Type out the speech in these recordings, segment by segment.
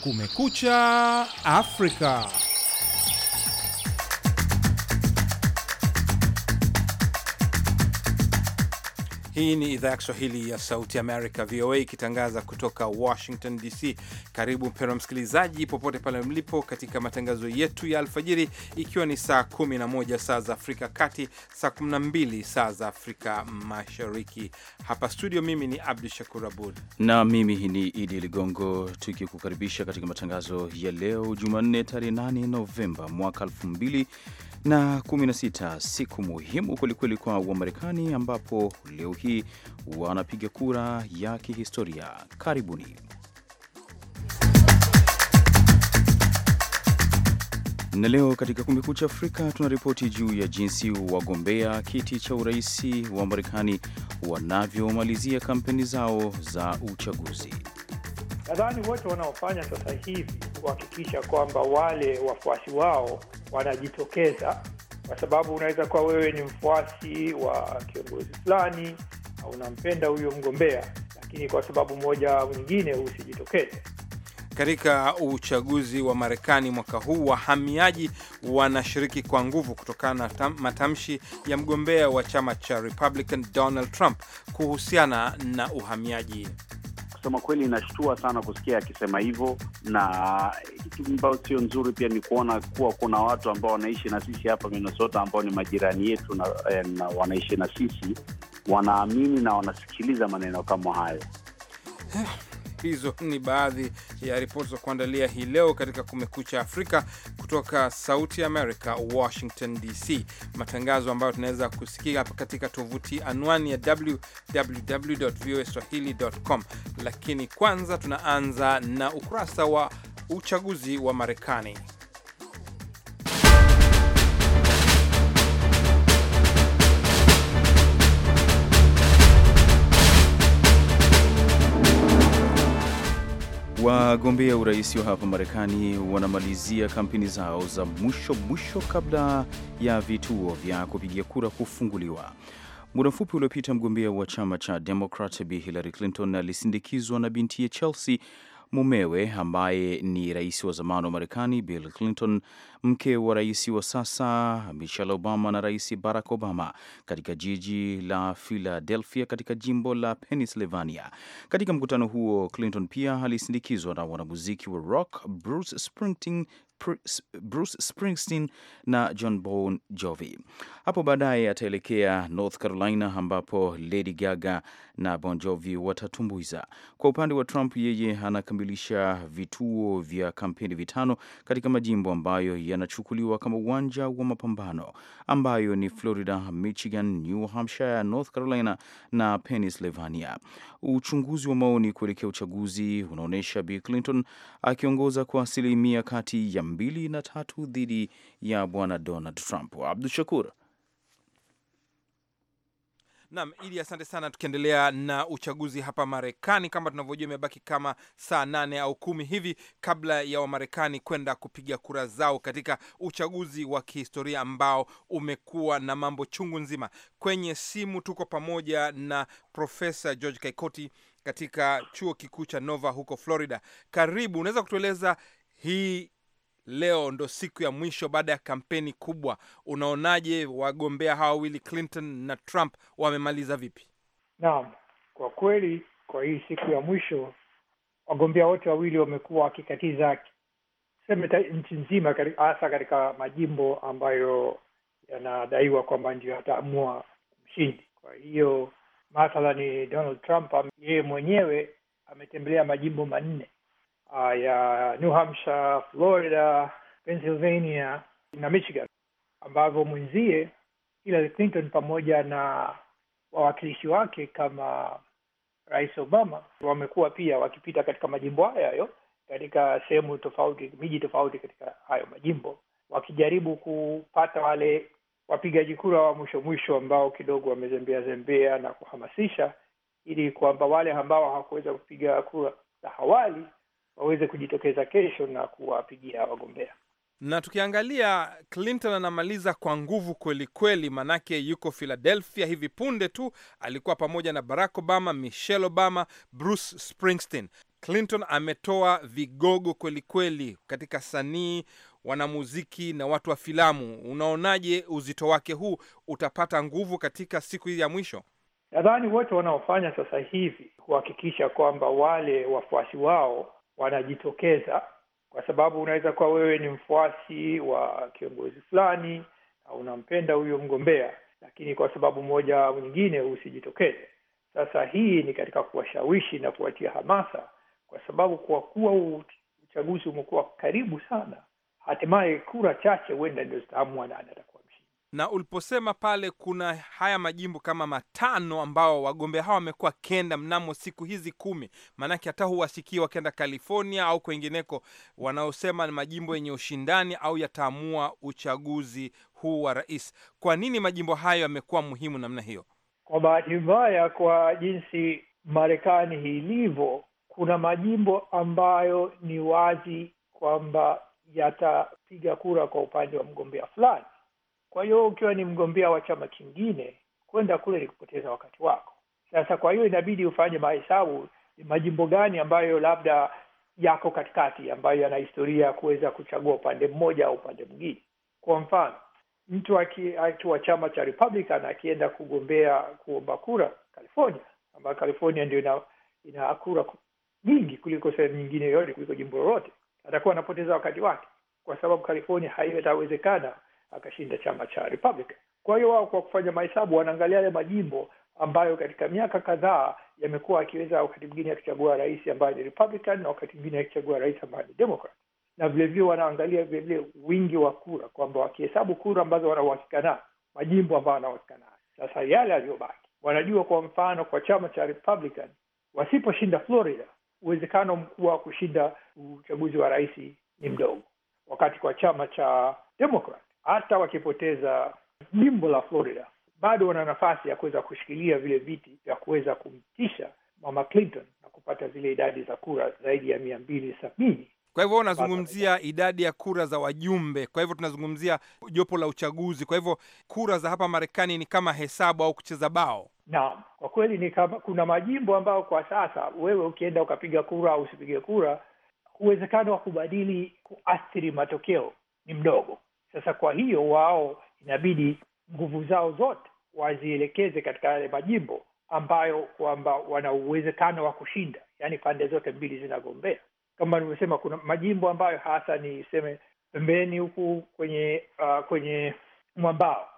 Kumekucha Afrika. Hii ni idhaa ya Kiswahili ya Sauti Amerika, VOA, ikitangaza kutoka Washington DC. Karibu mpendwa msikilizaji, popote pale mlipo, katika matangazo yetu ya alfajiri, ikiwa ni saa 11 saa za Afrika Kati, saa 12 saa za Afrika Mashariki. Hapa studio, mimi ni Abdu Shakur Abud na mimi ni Idi Ligongo, tukikukaribisha katika matangazo ya leo Jumanne, tarehe 8 Novemba mwaka 2000 na 16, siku muhimu kwelikweli kwa Wamarekani ambapo leo hii wanapiga kura ya kihistoria. Karibuni. Na leo katika Kumekucha Afrika tunaripoti juu ya jinsi wagombea kiti cha uraisi wa Marekani wanavyomalizia kampeni zao za uchaguzi. Nadhani wote wanaofanya sasa hivi kuhakikisha kwamba wale wafuasi wao wanajitokeza, kwa sababu unaweza kuwa wewe ni mfuasi wa kiongozi fulani na unampenda huyo mgombea, lakini kwa sababu moja mwingine usijitokeze. Katika uchaguzi wa Marekani mwaka huu, wahamiaji wanashiriki kwa nguvu kutokana na matamshi ya mgombea wa chama cha Republican Donald Trump kuhusiana na uhamiaji kusema kweli inashtua sana kusikia akisema hivyo, na kitu ambayo sio nzuri pia ni kuona kuwa kuna watu ambao wanaishi na sisi hapa Minnesota ambao ni majirani yetu na, eh, na wanaishi na sisi wanaamini na wanasikiliza maneno kama hayo eh, Hizo ni baadhi ya ripoti za kuandalia hii leo katika Kumekucha Afrika kutoka Sauti America, Washington DC, matangazo ambayo tunaweza kusikia katika tovuti anwani ya www voa www.voaswahili.com. Lakini kwanza tunaanza na ukurasa wa uchaguzi wa Marekani. Wagombea urais wa hapa Marekani wanamalizia kampeni zao za mwisho mwisho kabla ya vituo vya kupigia kura kufunguliwa. Muda mfupi uliopita, mgombea wa chama cha Democrat Bi Hillary Clinton alisindikizwa na binti ya Chelsea, mumewe ambaye ni rais wa zamani wa Marekani Bill Clinton mke wa rais wa sasa Michelle Obama na rais Barack Obama katika jiji la Philadelphia katika jimbo la Pennsylvania. Katika mkutano huo, Clinton pia alisindikizwa na wanamuziki wa rock Bruce Springsteen Bruce Springsteen na John Bon Jovi. Hapo baadaye ataelekea North Carolina ambapo Lady Gaga na Bon Jovi watatumbuiza. Kwa upande wa Trump, yeye anakamilisha vituo vya kampeni vitano katika majimbo ambayo yanachukuliwa kama uwanja wa mapambano ambayo ni Florida, Michigan, New Hampshire, North Carolina na Pennsylvania. Uchunguzi wa maoni kuelekea uchaguzi unaonyesha Bill Clinton akiongoza kwa asilimia kati ya mbili na tatu dhidi ya bwana Donald Trump. Abdu Shakur Naam, ili asante sana. Tukiendelea na uchaguzi hapa Marekani, kama tunavyojua, imebaki kama saa nane au kumi hivi kabla ya Wamarekani kwenda kupiga kura zao katika uchaguzi wa kihistoria ambao umekuwa na mambo chungu nzima. Kwenye simu tuko pamoja na Profesa George Kaikoti katika chuo kikuu cha Nova huko Florida. Karibu, unaweza kutueleza hii leo ndo siku ya mwisho baada ya kampeni kubwa. Unaonaje wagombea hawa wawili Clinton na Trump wamemaliza vipi? Naam, kwa kweli, kwa hii siku ya mwisho wagombea wote wawili wamekuwa wakikatiza seme nchi nzima, hasa katika majimbo ambayo yanadaiwa kwamba ndio yataamua mshindi. Kwa hiyo mathalani, Donald Trump yeye mwenyewe ametembelea majimbo manne uh, ya New Hampshire, Florida, Pennsylvania na Michigan, ambavyo mwenzie Hillary Clinton pamoja na wawakilishi wake kama Rais Obama wamekuwa pia wakipita katika majimbo hayo hayo katika sehemu tofauti, miji tofauti katika hayo majimbo, wakijaribu kupata wale wapigaji kura wa mwisho mwisho ambao kidogo wamezembea zembea na kuhamasisha, ili kwamba wale ambao hawakuweza kupiga kura za awali waweze kujitokeza kesho na kuwapigia wagombea. Na tukiangalia Clinton anamaliza kwa nguvu kweli kweli, manake yuko Philadelphia hivi punde tu alikuwa pamoja na Barack Obama, Michelle Obama, Bruce Springsteen. Clinton ametoa vigogo kweli kweli katika sanii, wanamuziki na watu wa filamu. Unaonaje uzito wake huu, utapata nguvu katika siku hii ya mwisho? Nadhani wote wanaofanya sasa hivi kuhakikisha kwamba wale wafuasi wao wanajitokeza, kwa sababu unaweza kuwa wewe ni mfuasi wa kiongozi fulani na unampenda huyo mgombea, lakini kwa sababu moja au nyingine usijitokeze. Sasa hii ni katika kuwashawishi na kuwatia hamasa, kwa sababu kwa kuwa uchaguzi umekuwa karibu sana, hatimaye kura chache huenda ndio zitaamua nani atakuwa na uliposema pale kuna haya majimbo kama matano ambao wagombea hawa wamekuwa kenda mnamo siku hizi kumi, maanake hata huwasikii wakenda California au kwengineko, wanaosema ni majimbo yenye ushindani au yataamua uchaguzi huu wa rais. Kwa nini majimbo hayo yamekuwa muhimu namna hiyo? Kwa bahati mbaya, kwa jinsi Marekani ilivyo, kuna majimbo ambayo ni wazi kwamba yatapiga kura kwa upande wa mgombea fulani kwa hiyo ukiwa ni mgombea wa chama kingine, kwenda kule ni kupoteza wakati wako. Sasa kwa hiyo inabidi ufanye mahesabu, majimbo gani ambayo labda yako katikati, ambayo yana historia ya kuweza kuchagua upande mmoja au upande mwingine. Kwa mfano, mtu akiwa chama cha Republican akienda kugombea kuomba kura California, ambayo California ndio ina, ina kura nyingi kuliko sehemu nyingine yoyote, kuliko jimbo lolote, atakuwa anapoteza wakati wake, kwa sababu California haiwezekana akashinda chama cha Republican. Kwa hiyo wao kwa kufanya mahesabu wanaangalia yale majimbo ambayo katika miaka kadhaa yamekuwa akiweza wakati mwingine akichagua rais ambaye ni Republican na wakati mwingine akichagua rais ambaye ni Democrat, na vilevile wanaangalia vilevile wingi wa kura, kwamba wakihesabu kura ambazo wanauhakika nayo, majimbo ambayo wanauhakika nayo, sasa yale yaliyobaki wanajua. Kwa mfano, kwa chama cha Republican wasiposhinda Florida, uwezekano mkubwa wa kushinda uchaguzi wa rais ni mdogo, wakati kwa chama cha Democrat hata wakipoteza jimbo la Florida bado wana nafasi ya kuweza kushikilia vile viti vya kuweza kumtisha Mama Clinton na kupata zile idadi za kura zaidi ya mia mbili sabini. Kwa hivyo unazungumzia idadi ya kura za wajumbe, kwa hivyo tunazungumzia jopo la uchaguzi. Kwa hivyo kura za hapa Marekani ni kama hesabu au kucheza bao. Naam, kwa kweli ni kama, kuna majimbo ambayo kwa sasa wewe ukienda ukapiga kura au usipige kura, uwezekano wa kubadili kuathiri matokeo ni mdogo. Sasa kwa hiyo wao inabidi nguvu zao zote wazielekeze katika yale majimbo ambayo kwamba wana uwezekano wa kushinda, yaani pande zote mbili zinagombea. Kama nilivyosema, kuna majimbo ambayo hasa ni seme pembeni huku kwenye uh, kwenye mwambao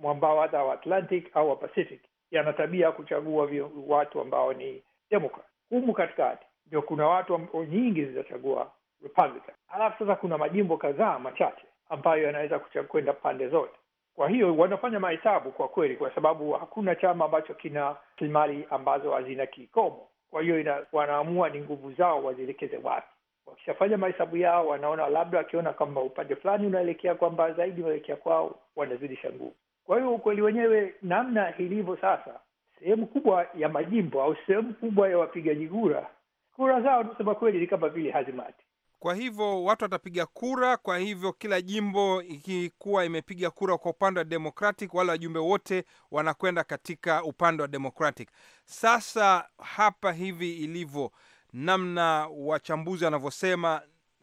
mwambao hata wa Atlantic au wa Pacific yana tabia ya kuchagua vio, watu ambao ni Democrat. Humu katikati ndio kuna watu nyingi zitachagua Republican. sasa kuna majimbo kadhaa machache ambayo yanaweza kwenda pande zote. Kwa hiyo wanafanya mahesabu kwa kweli, kwa sababu hakuna chama ambacho kina rasilimali ambazo hazina kikomo. Kwa hiyo ina, wanaamua ni nguvu zao wazielekeze wapi. Wakishafanya mahesabu yao, wanaona labda, wakiona kwamba upande fulani unaelekea kwamba zaidi unaelekea kwao, wanazidisha nguvu. Kwa hiyo ukweli wenyewe namna ilivyo sasa, sehemu kubwa ya majimbo au sehemu kubwa ya wapigaji kura, kura zao tusema kweli ni kama vile hazimati kwa hivyo watu watapiga kura. Kwa hivyo kila jimbo ikikuwa imepiga kura kwa upande wa Democratic, wale wajumbe wote wanakwenda katika upande wa Democratic. Sasa hapa hivi ilivyo, namna wachambuzi wanavyosema,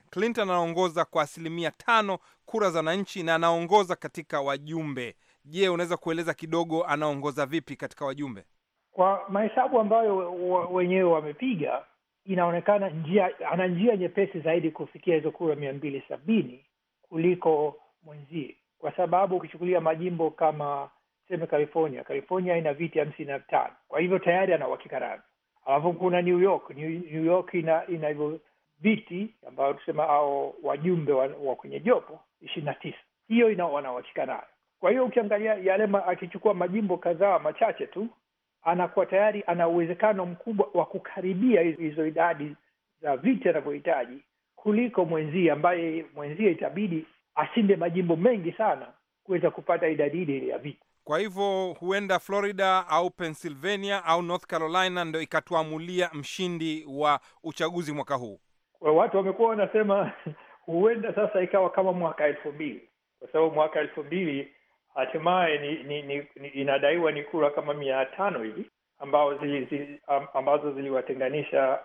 Clinton anaongoza kwa asilimia tano kura za wananchi na anaongoza katika wajumbe. Je, unaweza kueleza kidogo anaongoza vipi katika wajumbe kwa mahesabu ambayo wenyewe wamepiga? inaonekana njia ana njia nyepesi zaidi kufikia hizo kura mia mbili sabini kuliko mwenzie, kwa sababu ukichukulia majimbo kama tuseme California, California ina viti hamsini na tano, kwa hivyo tayari ana uhakika navyo. Alafu kuna New York, New, New York ina ina hivyo viti ambayo tusema ao wajumbe wa, wa kwenye jopo ishirini na tisa, hiyo ina wanauhakika nayo. Kwa hiyo ukiangalia yale akichukua majimbo kadhaa machache tu anakuwa tayari ana uwezekano mkubwa wa kukaribia hizo idadi za viti anavyohitaji kuliko mwenzie ambaye mwenzie itabidi ashinde majimbo mengi sana kuweza kupata idadi ile ya viti. Kwa hivyo huenda Florida au Pennsylvania au North Carolina ndo ikatuamulia mshindi wa uchaguzi mwaka huu. Kwa watu wamekuwa wanasema huenda sasa ikawa kama mwaka elfu mbili kwa sababu mwaka elfu mbili Hatimaye ni, ni, ni, ni, inadaiwa ni kura kama mia tano hivi ambao zili, zili, ambazo ziliwatenganisha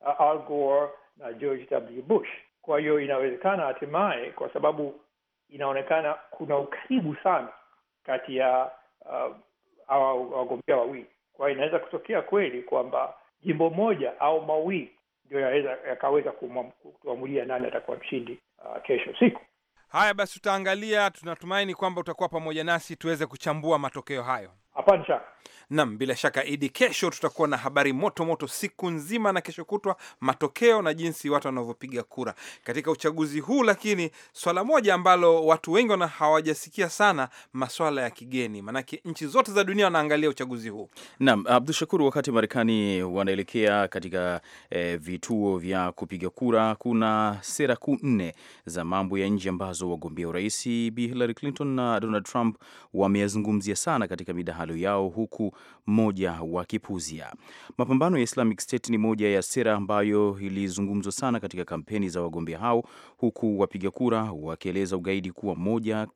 uh, Al Gore na George W. Bush. Kwa hiyo inawezekana hatimaye, kwa sababu inaonekana kuna ukaribu sana kati ya uh, wagombea wawili. Kwa hiyo inaweza kutokea kweli kwamba jimbo moja au mawili ndio yakaweza kutuamulia nani atakuwa mshindi uh, kesho siku. Haya basi, tutaangalia. Tunatumaini kwamba utakuwa pamoja nasi tuweze kuchambua matokeo hayo. Hapana shaka. Nam, bila shaka Idi, kesho tutakuwa na habari moto moto siku nzima na kesho kutwa, matokeo na jinsi watu wanavyopiga kura katika uchaguzi huu. Lakini swala moja ambalo watu wengi wana hawajasikia sana, maswala ya kigeni, maanake nchi zote za dunia wanaangalia uchaguzi huu. Nam Abdu Shakur, wakati Marekani wanaelekea katika e, vituo vya kupiga kura, kuna sera kuu nne za mambo ya nje ambazo wagombea urais Bi Hillary Clinton na Donald Trump wameyazungumzia sana katika midahalo yao huku huku mmoja wakipuzia. Mapambano ya Islamic State ni moja ya sera ambayo ilizungumzwa sana katika kampeni za wagombea hao, huku wapiga kura wakieleza ugaidi kuwa moja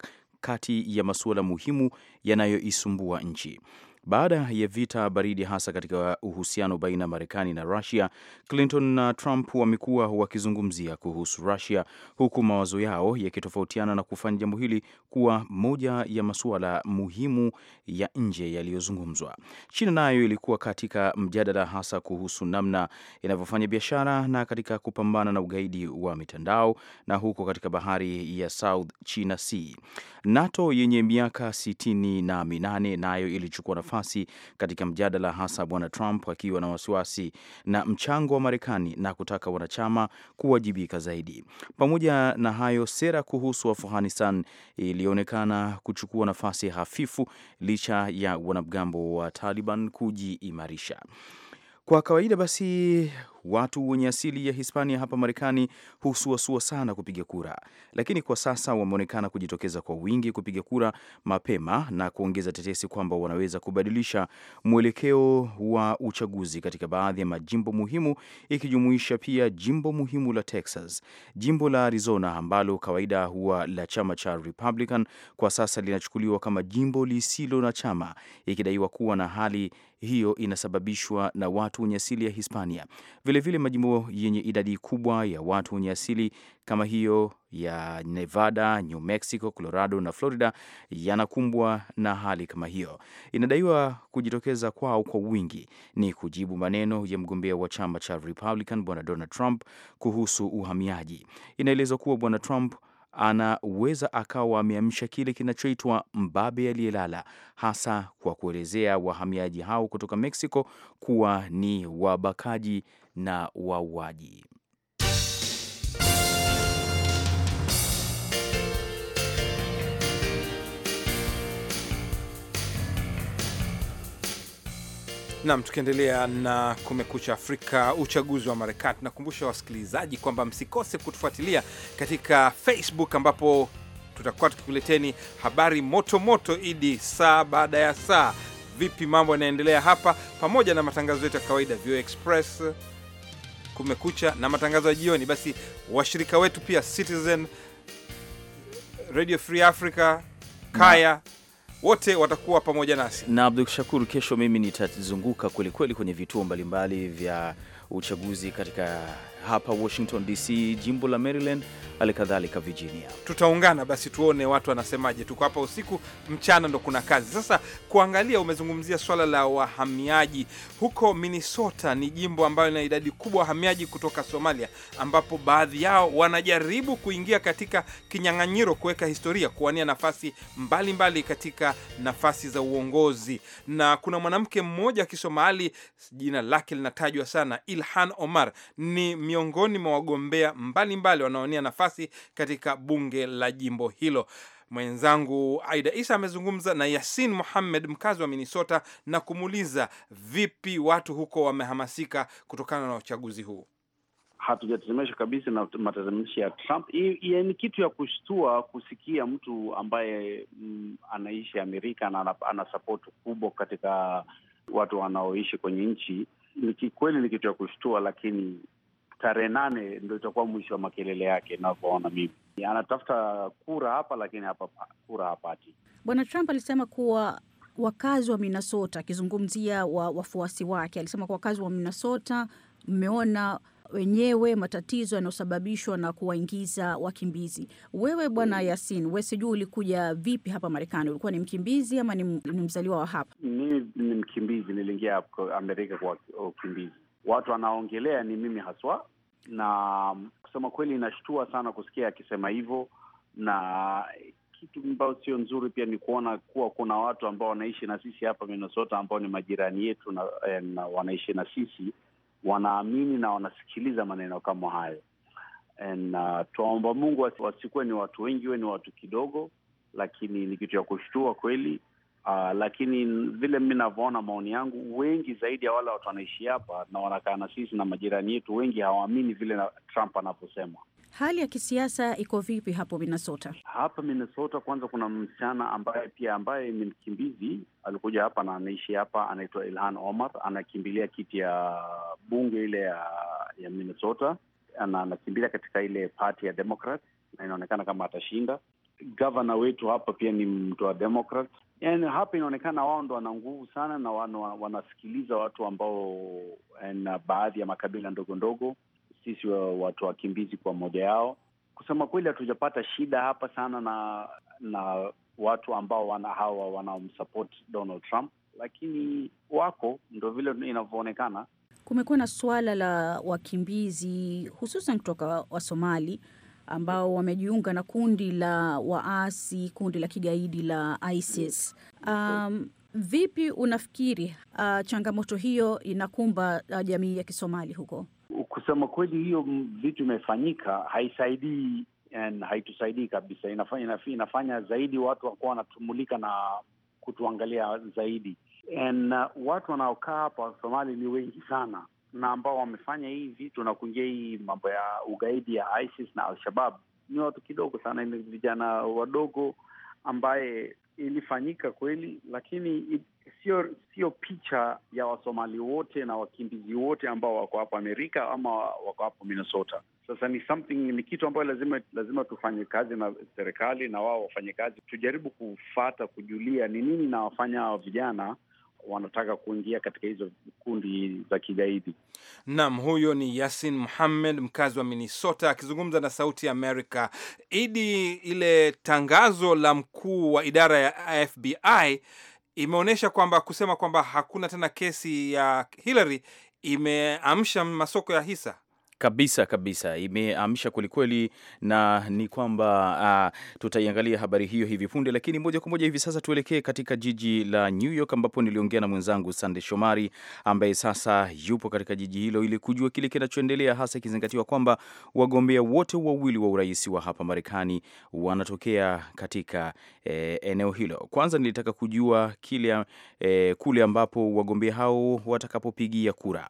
kati ya masuala muhimu yanayoisumbua nchi. Baada ya vita baridi, hasa katika uhusiano baina ya Marekani na Rusia, Clinton na Trump wamekuwa wakizungumzia kuhusu Rusia, huku mawazo yao yakitofautiana na kufanya jambo hili kuwa moja ya masuala muhimu ya nje yaliyozungumzwa. China nayo ilikuwa katika mjadala hasa kuhusu namna inavyofanya biashara na katika kupambana na ugaidi wa mitandao, na huko katika bahari ya South China Sea, NATO yenye miaka sitini na minane nayo ilichukua nafasi nafasi katika mjadala, hasa Bwana Trump akiwa na wasiwasi na mchango wa Marekani na kutaka wanachama kuwajibika zaidi. Pamoja na hayo, sera kuhusu Afghanistan ilionekana kuchukua nafasi hafifu licha ya wanamgambo wa Taliban kujiimarisha. Kwa kawaida basi watu wenye asili ya Hispania hapa Marekani husuasua sana kupiga kura, lakini kwa sasa wameonekana kujitokeza kwa wingi kupiga kura mapema na kuongeza tetesi kwamba wanaweza kubadilisha mwelekeo wa uchaguzi katika baadhi ya majimbo muhimu, ikijumuisha pia jimbo muhimu la Texas. Jimbo la Arizona ambalo kawaida huwa la chama cha Republican, kwa sasa linachukuliwa kama jimbo lisilo na chama, ikidaiwa kuwa na hali hiyo inasababishwa na watu wenye asili ya Hispania. Vilevile, majimbo yenye idadi kubwa ya watu wenye asili kama hiyo ya Nevada, New Mexico, Colorado na Florida yanakumbwa na hali kama hiyo. Inadaiwa kujitokeza kwao kwa wingi ni kujibu maneno ya mgombea wa chama cha Republican Bwana Donald Trump kuhusu uhamiaji. Inaelezwa kuwa Bwana Trump anaweza akawa ameamsha kile kinachoitwa mbabe aliyelala, hasa kwa kuelezea wahamiaji hao kutoka Mexico kuwa ni wabakaji na wauaji. Nam, tukiendelea na Kumekucha Afrika, uchaguzi wa Marekani. Tunakumbusha wasikilizaji kwamba msikose kutufuatilia katika Facebook ambapo tutakuwa tukikuleteni habari moto moto idi saa baada ya saa, vipi mambo yanaendelea hapa, pamoja na matangazo yetu ya kawaida VOA Express, Kumekucha na matangazo ya jioni. Basi washirika wetu pia Citizen Radio Free Africa, Kaya na wote watakuwa pamoja nasi na Abdul Shakur. Kesho mimi nitazunguka kwelikweli kwenye vituo mbalimbali vya uchaguzi katika hapa Washington DC, jimbo la Maryland, hali kadhalika Virginia. Tutaungana basi tuone watu wanasemaje. Tuko hapa usiku, mchana ndo kuna kazi sasa. Kuangalia, umezungumzia swala la wahamiaji huko Minnesota. Ni jimbo ambayo lina idadi kubwa wahamiaji kutoka Somalia, ambapo baadhi yao wanajaribu kuingia katika kinyang'anyiro kuweka historia, kuwania nafasi mbalimbali mbali katika nafasi za uongozi. Na kuna mwanamke mmoja wa Kisomali, jina lake linatajwa sana, Ilhan Omar ni miongoni mwa wagombea mbalimbali wanaonia nafasi katika bunge la jimbo hilo. Mwenzangu Aida Isa amezungumza na Yasin Muhammed, mkazi wa Minnesota, na kumuuliza vipi watu huko wamehamasika kutokana na uchaguzi huu. Hatujatetemeshwa kabisa na matatamishi ya Trump. ni kitu ya kushtua kusikia mtu ambaye m, mm, anaishi Amerika na ana sapoti kubwa katika watu wanaoishi kwenye nchi. Ni kweli ni kitu ya kushtua, lakini tarehe nane ndo itakuwa mwisho wa makelele yake, navyoona mimi. Anatafuta kura hapa, lakini hapa kura hapati. Bwana Trump alisema kuwa wakazi wa Minnesota, akizungumzia wa wafuasi wake, alisema kwa wakazi wa Minnesota, mmeona wenyewe matatizo yanayosababishwa na kuwaingiza wakimbizi. Wewe Bwana Yasin, we sijui ulikuja vipi hapa Marekani, ulikuwa ni mkimbizi ama ni mzaliwa wa hapa? Mimi ni mkimbizi, niliingia Amerika kwa ukimbizi. Watu wanaongelea ni mimi haswa na kusema kweli, inashtua sana kusikia akisema hivyo, na kitu ambayo sio nzuri pia ni kuona kuwa kuna watu ambao wanaishi na sisi hapa Minnesota ambao ni majirani yetu na, eh, na wanaishi na sisi wanaamini na wanasikiliza maneno kama hayo. Uh, twaomba Mungu wasikuwe ni watu wengi, we ni watu kidogo, lakini ni kitu ya kushtua kweli Uh, lakini vile mi navyoona, maoni yangu, wengi zaidi ya wale watu wanaishi hapa na wanakaa na sisi na majirani yetu, wengi hawaamini vile na Trump anavyosema. Hali ya kisiasa iko vipi hapo Minnesota? Hapa Minnesota, kwanza kuna msichana ambaye pia ambaye ni mkimbizi alikuja hapa na anaishi hapa, anaitwa Ilhan Omar, anakimbilia kiti ya bunge ile ya ya Minnesota na anakimbilia katika ile party ya Democrat na inaonekana kama atashinda. Gavana wetu hapa pia ni mtu wa Democrat yani hapa inaonekana wao ndo wana nguvu sana na wanasikiliza watu ambao eh, na baadhi ya makabila ndogo ndogo, sisi watu wakimbizi kwa moja yao. Kusema kweli, hatujapata shida hapa sana na na watu ambao wana hawa wanaomsupport Donald Trump, lakini wako ndo vile inavyoonekana. Kumekuwa na suala la wakimbizi hususan kutoka Wasomali ambao wamejiunga na kundi la waasi, kundi la kigaidi la ISIS. Um, vipi unafikiri uh, changamoto hiyo inakumba uh, jamii ya Kisomali huko? Kusema kweli, hiyo vitu imefanyika, haisaidii haitusaidii kabisa. Inafanya, inafanya, inafanya zaidi watu wakuwa wanatumulika na kutuangalia zaidi. And, uh, watu wanaokaa hapa Somali ni wengi sana na ambao wamefanya hii vitu na kuingia hii mambo ya ugaidi ya ISIS na alshabab ni watu kidogo sana, ni vijana wadogo ambaye ilifanyika kweli, lakini sio sio picha ya Wasomali wote na wakimbizi wote ambao wako hapa Amerika ama wako hapo Minnesota. Sasa ni something, ni kitu ambayo lazima lazima tufanye kazi na serikali na wao wafanye kazi, tujaribu kufata kujulia ni nini nawafanya hawa vijana wanataka kuingia katika hizo kundi za kigaidi. Naam, huyo ni Yasin muhammed mkazi wa Minnesota akizungumza na Sauti ya Amerika. Idi, ile tangazo la mkuu wa idara ya FBI imeonyesha kwamba kusema kwamba hakuna tena kesi ya Hillary imeamsha masoko ya hisa. Kabisa kabisa, imeamsha kwelikweli, na ni kwamba uh, tutaiangalia habari hiyo hivi punde, lakini moja kwa moja hivi sasa tuelekee katika jiji la New York ambapo niliongea na mwenzangu Sande Shomari ambaye sasa yupo katika jiji hilo ili kujua kile kinachoendelea, hasa ikizingatiwa kwamba wagombea wote wawili wa urais wa hapa Marekani wanatokea katika eh, eneo hilo. Kwanza nilitaka kujua kile eh, kule ambapo wagombea hao watakapopigia kura.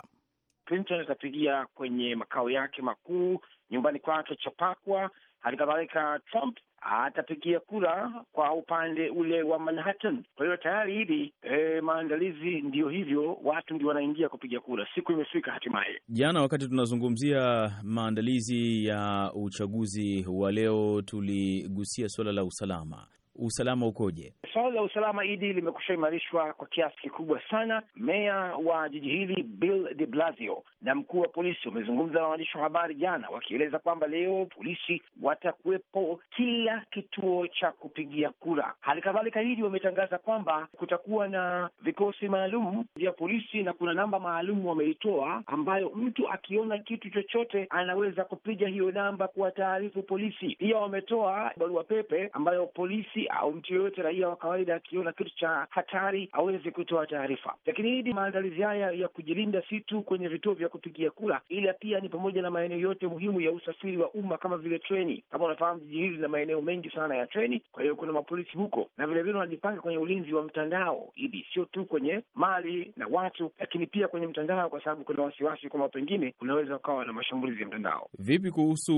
Clinton atapigia kwenye makao yake makuu nyumbani kwake Chapakwa. Hali kadhalika Trump atapigia kura kwa upande ule wa Manhattan. Kwa hiyo tayari hili e, eh, maandalizi ndio hivyo, watu ndio wanaingia kupiga kura, siku imefika hatimaye. Jana wakati tunazungumzia maandalizi ya uchaguzi wa leo, tuligusia suala la usalama usalama ukoje? Swala la usalama idi limekusha imarishwa kwa kiasi kikubwa sana. Meya wa jiji hili Bill de Blasio na mkuu wa polisi wamezungumza na waandishi wa habari jana, wakieleza kwamba leo polisi watakuwepo kila kituo cha kupigia kura. Hali kadhalika hili wametangaza kwamba kutakuwa na vikosi maalum vya polisi na kuna namba maalum wameitoa, ambayo mtu akiona kitu chochote anaweza kupiga hiyo namba kuwataarifu polisi. Pia wametoa barua pepe ambayo polisi au mtu yoyote raia wa kawaida akiona kitu cha hatari aweze kutoa taarifa. Lakini hili maandalizi haya ya kujilinda si tu kwenye vituo vya kupigia kura, ila pia ni pamoja na maeneo yote muhimu ya usafiri wa umma kama vile treni. Kama unafahamu, jiji hili lina maeneo mengi sana ya treni, kwa hiyo kuna mapolisi huko, na vilevile wanajipanga kwenye ulinzi wa mtandao, ili sio tu kwenye mali na watu, lakini pia kwenye mtandao, kwa sababu kuna wasiwasi kwamba pengine unaweza ukawa na mashambulizi ya mtandao. Vipi kuhusu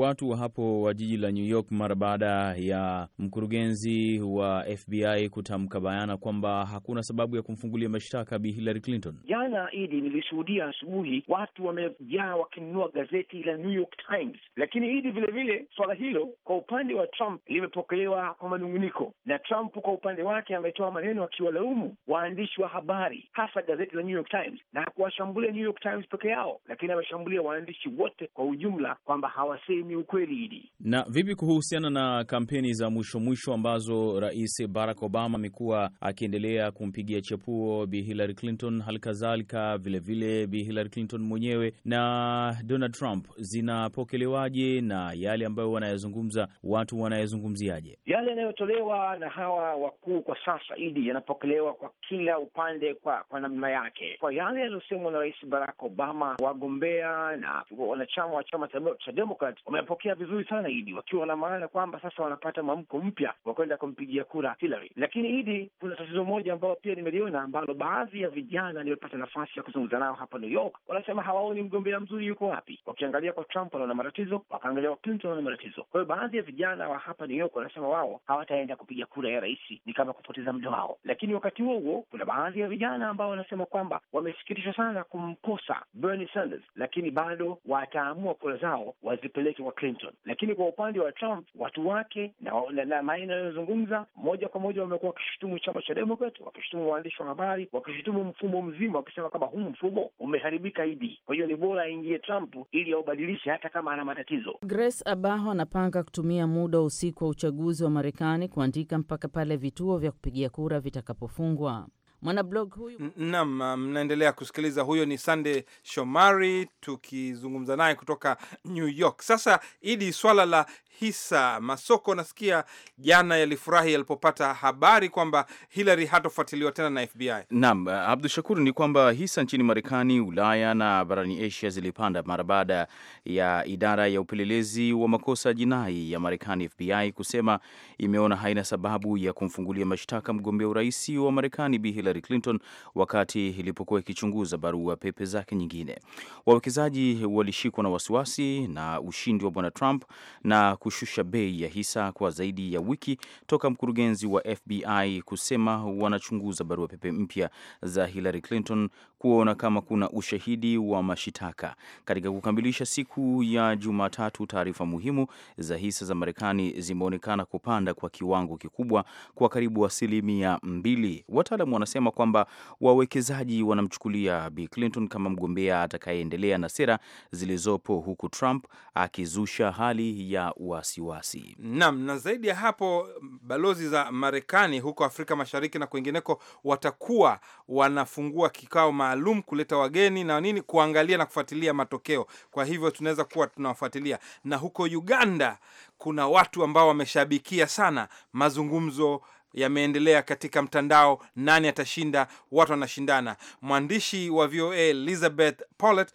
watu hapo wa jiji la New York mara baada ya mkurugenzi mkurugenzi wa FBI kutamka bayana kwamba hakuna sababu ya kumfungulia mashtaka Bi Hillary Clinton. Jana Idi, nilishuhudia asubuhi watu wamejaa wakinunua gazeti la New York Times, lakini Idi, vilevile swala hilo kwa upande wa Trump limepokelewa kwa manunguniko, na Trump kwa upande wake ametoa maneno akiwalaumu waandishi wa habari, hasa gazeti la New York Times, na hakuwashambulia New York Times peke yao, lakini ameshambulia waandishi wote kwa ujumla kwamba hawasemi ukweli. Idi, na vipi kuhusiana na kampeni za mwisho mwisho ambazo Rais Barack Obama amekuwa akiendelea kumpigia chapuo Bi Hillary Clinton, halikadhalika vilevile Bi Hillary Clinton mwenyewe na Donald Trump zinapokelewaje na yale ambayo wanayazungumza watu wanayazungumziaje? Yale yanayotolewa na hawa wakuu kwa sasa idi yanapokelewa kwa kila upande kwa, kwa namna yake. Kwa yale yaliyosemwa na Rais Barack Obama, wagombea na wanachama wa chama cha Demokrat wamepokea vizuri sana idi, wakiwa na maana kwamba sasa wanapata mwamko mpya wa kwenda kumpigia kura Hillary. Lakini Idi, kuna tatizo moja ambayo pia nimeliona ambalo baadhi ya vijana nimepata nafasi ya kuzungumza nao hapa New York, wanasema hawaoni mgombea mzuri yuko wapi. Wakiangalia kwa Trump wanaona matatizo, wakaangalia kwa Clinton wanaona matatizo. Kwa hiyo baadhi ya vijana wa hapa New York wanasema wao hawataenda kupiga kura ya rais, ni kama kupoteza muda wao. Lakini wakati huo huo kuna baadhi ya vijana ambao wanasema kwamba wamesikitishwa sana kumkosa Bernie Sanders, lakini bado wataamua kura zao wazipeleke kwa Clinton. Lakini kwa upande wa Trump watu wake na, na, na, na inayozungumza moja kwa moja wamekuwa wakishutumu chama cha Demokrat, wakishutumu waandishi wa habari, wakishutumu mfumo mzima, wakisema kwamba huu mfumo umeharibika hivi. Kwa hiyo ni bora aingie Trump ili aubadilishe, hata kama ana matatizo. Grace Abaho anapanga kutumia muda wa usiku wa uchaguzi wa Marekani kuandika mpaka pale vituo vya kupigia kura vitakapofungwa. Mwanablog huyu nam mnaendelea kusikiliza. Huyo ni Sande Shomari tukizungumza naye kutoka New York. Sasa idi swala la hisa. Masoko nasikia jana yalifurahi yalipopata habari kwamba Hillary hatofuatiliwa tena na FBI. Naam, Abdu Shakur, ni kwamba hisa nchini Marekani, Ulaya na barani Asia zilipanda mara baada ya idara ya upelelezi wa makosa jinai ya Marekani FBI kusema imeona haina sababu ya kumfungulia mashtaka mgombea urais wa Marekani Bi Hillary Clinton wakati ilipokuwa ikichunguza barua pepe zake nyingine. Wawekezaji walishikwa na wasiwasi na ushindi wa Bwana Trump na kushusha bei ya hisa kwa zaidi ya wiki toka mkurugenzi wa FBI kusema wanachunguza barua pepe mpya za Hillary Clinton kuona kama kuna ushahidi wa mashitaka. Katika kukamilisha siku ya Jumatatu, taarifa muhimu za hisa za Marekani zimeonekana kupanda kwa kiwango kikubwa kwa karibu asilimia mbili. Wataalamu wanasema kwamba wawekezaji wanamchukulia Bi Clinton kama mgombea atakayeendelea na sera zilizopo, huku Trump akizusha hali ya wasiwasi. Naam, na zaidi ya hapo, balozi za Marekani huko Afrika Mashariki na kwingineko watakuwa wanafungua kikao maalum kuleta wageni na nini kuangalia na kufuatilia matokeo. Kwa hivyo tunaweza kuwa tunawafuatilia. Na huko Uganda kuna watu ambao wameshabikia sana mazungumzo yameendelea katika mtandao, nani atashinda, watu wanashindana. Mwandishi wa VOA Elizabeth Polet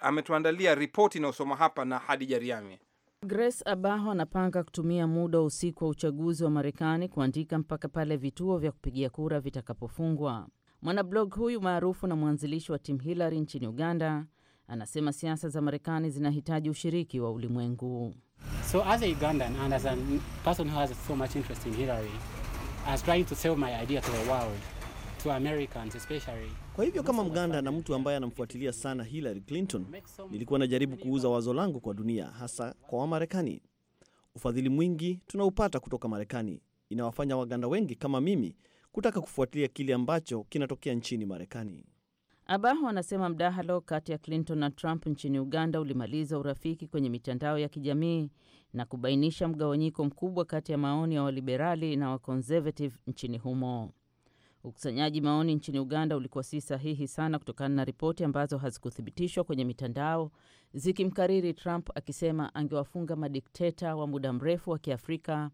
ametuandalia ripoti inayosoma hapa na Hadija Riami. Grace Abaho anapanga kutumia muda wa usiku wa uchaguzi wa Marekani kuandika mpaka pale vituo vya kupigia kura vitakapofungwa. Mwanablog huyu maarufu na mwanzilishi wa timu Hillary nchini Uganda anasema siasa za Marekani zinahitaji ushiriki wa ulimwengu. So as a Ugandan and as a person who has so much interest in Hillary, I was trying to sell my idea to the world to Americans especially. Kwa hivyo kama Mganda na mtu ambaye anamfuatilia sana Hillary Clinton, nilikuwa najaribu kuuza wazo langu kwa dunia, hasa kwa Wamarekani. Ufadhili mwingi tunaupata kutoka Marekani inawafanya Waganda wengi kama mimi kutaka kufuatilia kile ambacho kinatokea nchini Marekani. Abaho anasema mdahalo kati ya Clinton na Trump nchini Uganda ulimaliza urafiki kwenye mitandao ya kijamii na kubainisha mgawanyiko mkubwa kati ya maoni ya waliberali na wakonservative nchini humo. Ukusanyaji maoni nchini Uganda ulikuwa si sahihi sana kutokana na ripoti ambazo hazikuthibitishwa kwenye mitandao zikimkariri Trump akisema angewafunga madikteta wa muda mrefu wa Kiafrika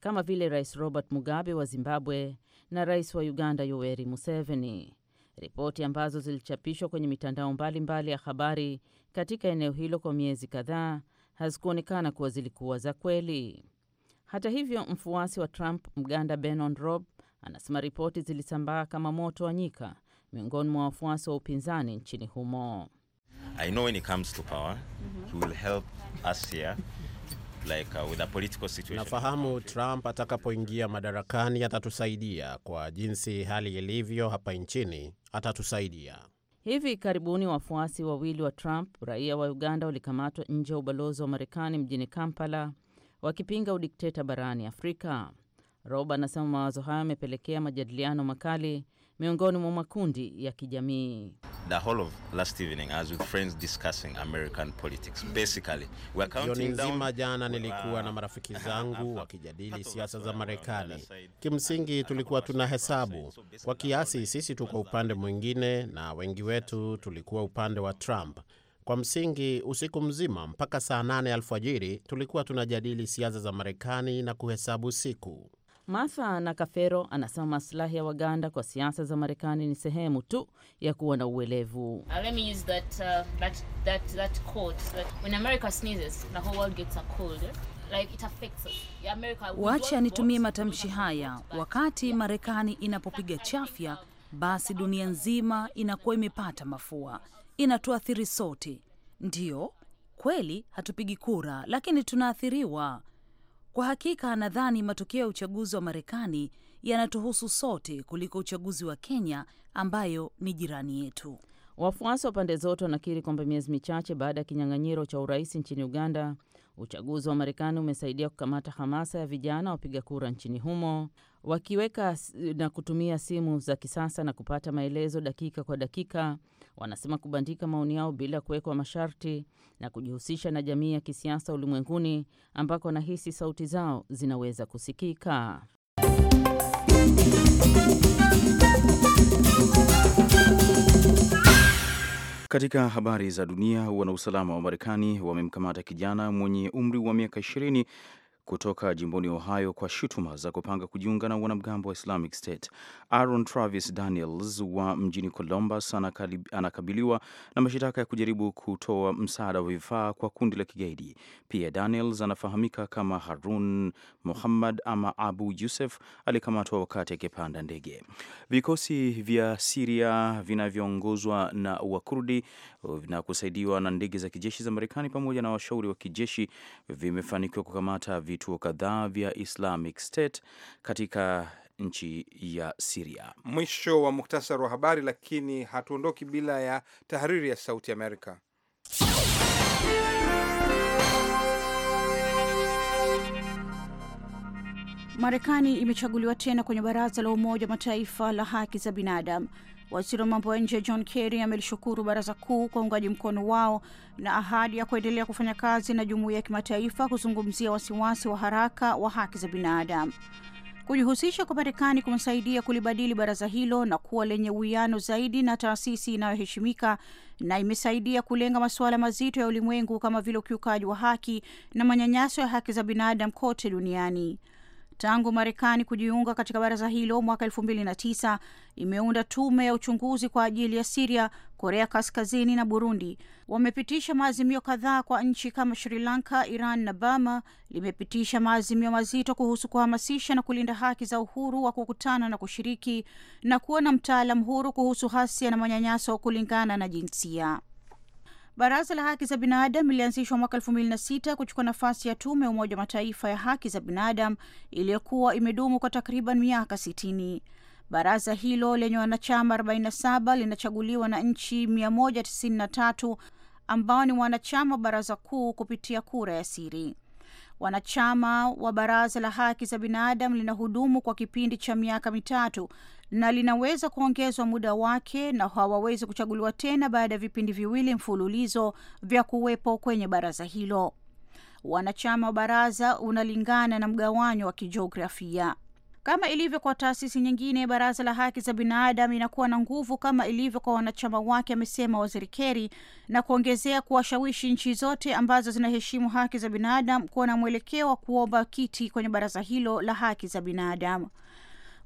kama vile Rais Robert Mugabe wa Zimbabwe na Rais wa Uganda Yoweri Museveni. Ripoti ambazo zilichapishwa kwenye mitandao mbalimbali mbali ya habari katika eneo hilo kwa miezi kadhaa hazikuonekana kuwa zilikuwa za kweli. Hata hivyo, mfuasi wa Trump Mganda Benon Rob anasema ripoti zilisambaa kama moto wa nyika miongoni mwa wafuasi wa upinzani nchini humo. Like, uh, with a political situation. Nafahamu Trump atakapoingia madarakani atatusaidia kwa jinsi hali ilivyo hapa nchini atatusaidia. Hivi karibuni wafuasi wawili wa Trump raia wa Uganda walikamatwa nje ya ubalozi wa Marekani mjini Kampala wakipinga udikteta barani Afrika. Rob anasema mawazo hayo yamepelekea majadiliano makali miongoni mwa makundi ya kijamii. Jioni nzima jana nilikuwa na marafiki zangu wakijadili siasa za Marekani. Kimsingi tulikuwa tuna hesabu kwa kiasi, sisi tuko upande mwingine na wengi wetu tulikuwa upande wa Trump. Kwa msingi usiku mzima mpaka saa nane alfajiri tulikuwa tunajadili siasa za Marekani na kuhesabu siku. Martha Nakafero anasema maslahi ya Waganda kwa siasa za Marekani ni sehemu tu ya kuwa na uelevu. Uh, uh, Wacha nitumie matamshi haya, wakati Marekani inapopiga chafya, basi dunia nzima inakuwa imepata mafua, inatuathiri sote. Ndiyo kweli, hatupigi kura, lakini tunaathiriwa kwa hakika nadhani matokeo ya uchaguzi wa Marekani yanatuhusu sote kuliko uchaguzi wa Kenya ambayo ni jirani yetu. Wafuasi wa pande zote wanakiri kwamba miezi michache baada ya kinyang'anyiro cha urais nchini Uganda, uchaguzi wa Marekani umesaidia kukamata hamasa ya vijana wapiga kura nchini humo wakiweka na kutumia simu za kisasa na kupata maelezo dakika kwa dakika. Wanasema kubandika maoni yao bila kuwekwa masharti na kujihusisha na jamii ya kisiasa ulimwenguni ambako wanahisi sauti zao zinaweza kusikika. Katika habari za dunia, wanausalama wa Marekani wamemkamata kijana mwenye umri wa miaka ishirini kutoka jimboni Ohio kwa shutuma za kupanga kujiunga na wanamgambo wa Islamic State. Aaron Travis Daniels wa mjini Columbus anakabiliwa na mashitaka ya kujaribu kutoa msaada wa vifaa kwa kundi la kigaidi. Pia Daniels anafahamika kama Harun Muhammad ama Abu Yusef, alikamatwa wakati akipanda ndege. Vikosi vya Siria vinavyoongozwa na Wakurdi na kusaidiwa na ndege za kijeshi za Marekani pamoja na washauri wa kijeshi vimefanikiwa kukamata vituo kadhaa vya Islamic State katika nchi ya Siria. Mwisho wa muktasari wa habari, lakini hatuondoki bila ya tahariri ya Sauti Amerika. Marekani imechaguliwa tena kwenye Baraza la Umoja wa Mataifa la Haki za Binadamu Waziri wa mambo ya nje John Kerry amelishukuru baraza kuu kwa uungaji mkono wao na ahadi ya kuendelea kufanya kazi na jumuiya ya kimataifa kuzungumzia wasiwasi wa haraka wa haki za binadamu. Kujihusisha kwa Marekani kumesaidia kulibadili baraza hilo na kuwa lenye uwiano zaidi na taasisi inayoheshimika na imesaidia kulenga masuala mazito ya ulimwengu kama vile ukiukaji wa haki na manyanyaso ya haki za binadamu kote duniani. Tangu Marekani kujiunga katika baraza hilo mwaka 29 imeunda tume ya uchunguzi kwa ajili ya Siria, Korea Kaskazini na Burundi. Wamepitisha maazimio kadhaa kwa nchi kama Sri Lanka, Iran na bama Limepitisha maazimio mazito kuhusu kuhamasisha na kulinda haki za uhuru wa kukutana na kushiriki na kuwa na mtaalam huru kuhusu hasia na manyanyaso kulingana na jinsia. Baraza la Haki za Binadamu lilianzishwa mwaka elfu mbili na sita kuchukua nafasi ya Tume ya Umoja wa Mataifa ya Haki za Binadamu iliyokuwa imedumu kwa takriban miaka sitini. Baraza hilo lenye wanachama 47 linachaguliwa na nchi 193 ambao ni wanachama wa baraza kuu kupitia kura ya siri. Wanachama wa Baraza la Haki za Binadamu linahudumu kwa kipindi cha miaka mitatu na linaweza kuongezwa muda wake na hawawezi kuchaguliwa tena baada ya vipindi viwili mfululizo vya kuwepo kwenye baraza hilo. Wanachama wa baraza unalingana na mgawanyo wa kijiografia. Kama ilivyo kwa taasisi nyingine, Baraza la Haki za Binadamu inakuwa na nguvu kama ilivyo kwa wanachama wake, amesema Waziri keri na kuongezea kuwashawishi nchi zote ambazo zinaheshimu haki za binadamu kuwa na mwelekeo wa kuomba kiti kwenye baraza hilo la haki za binadamu.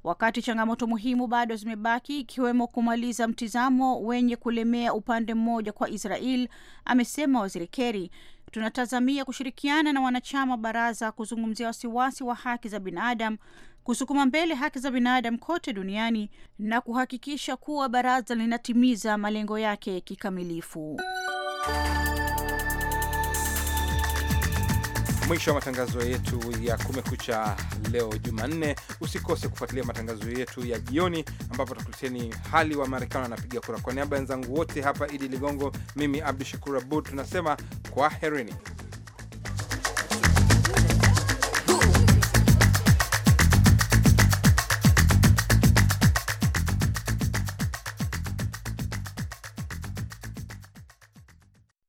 Wakati changamoto muhimu bado zimebaki ikiwemo kumaliza mtizamo wenye kulemea upande mmoja kwa Israel, amesema Waziri keri tunatazamia kushirikiana na wanachama wa baraza kuzungumzia wasiwasi wa haki za binadamu, kusukuma mbele haki za binadamu kote duniani na kuhakikisha kuwa baraza linatimiza malengo yake kikamilifu. Mwisho wa matangazo yetu ya Kumekucha leo Jumanne. Usikose kufuatilia matangazo yetu ya jioni, ambapo takuleteni hali wa Marekani wanapiga kura. Kwa niaba ya wenzangu wote hapa, Idi Ligongo, mimi Abdu Shakur Abud, tunasema kwaherini.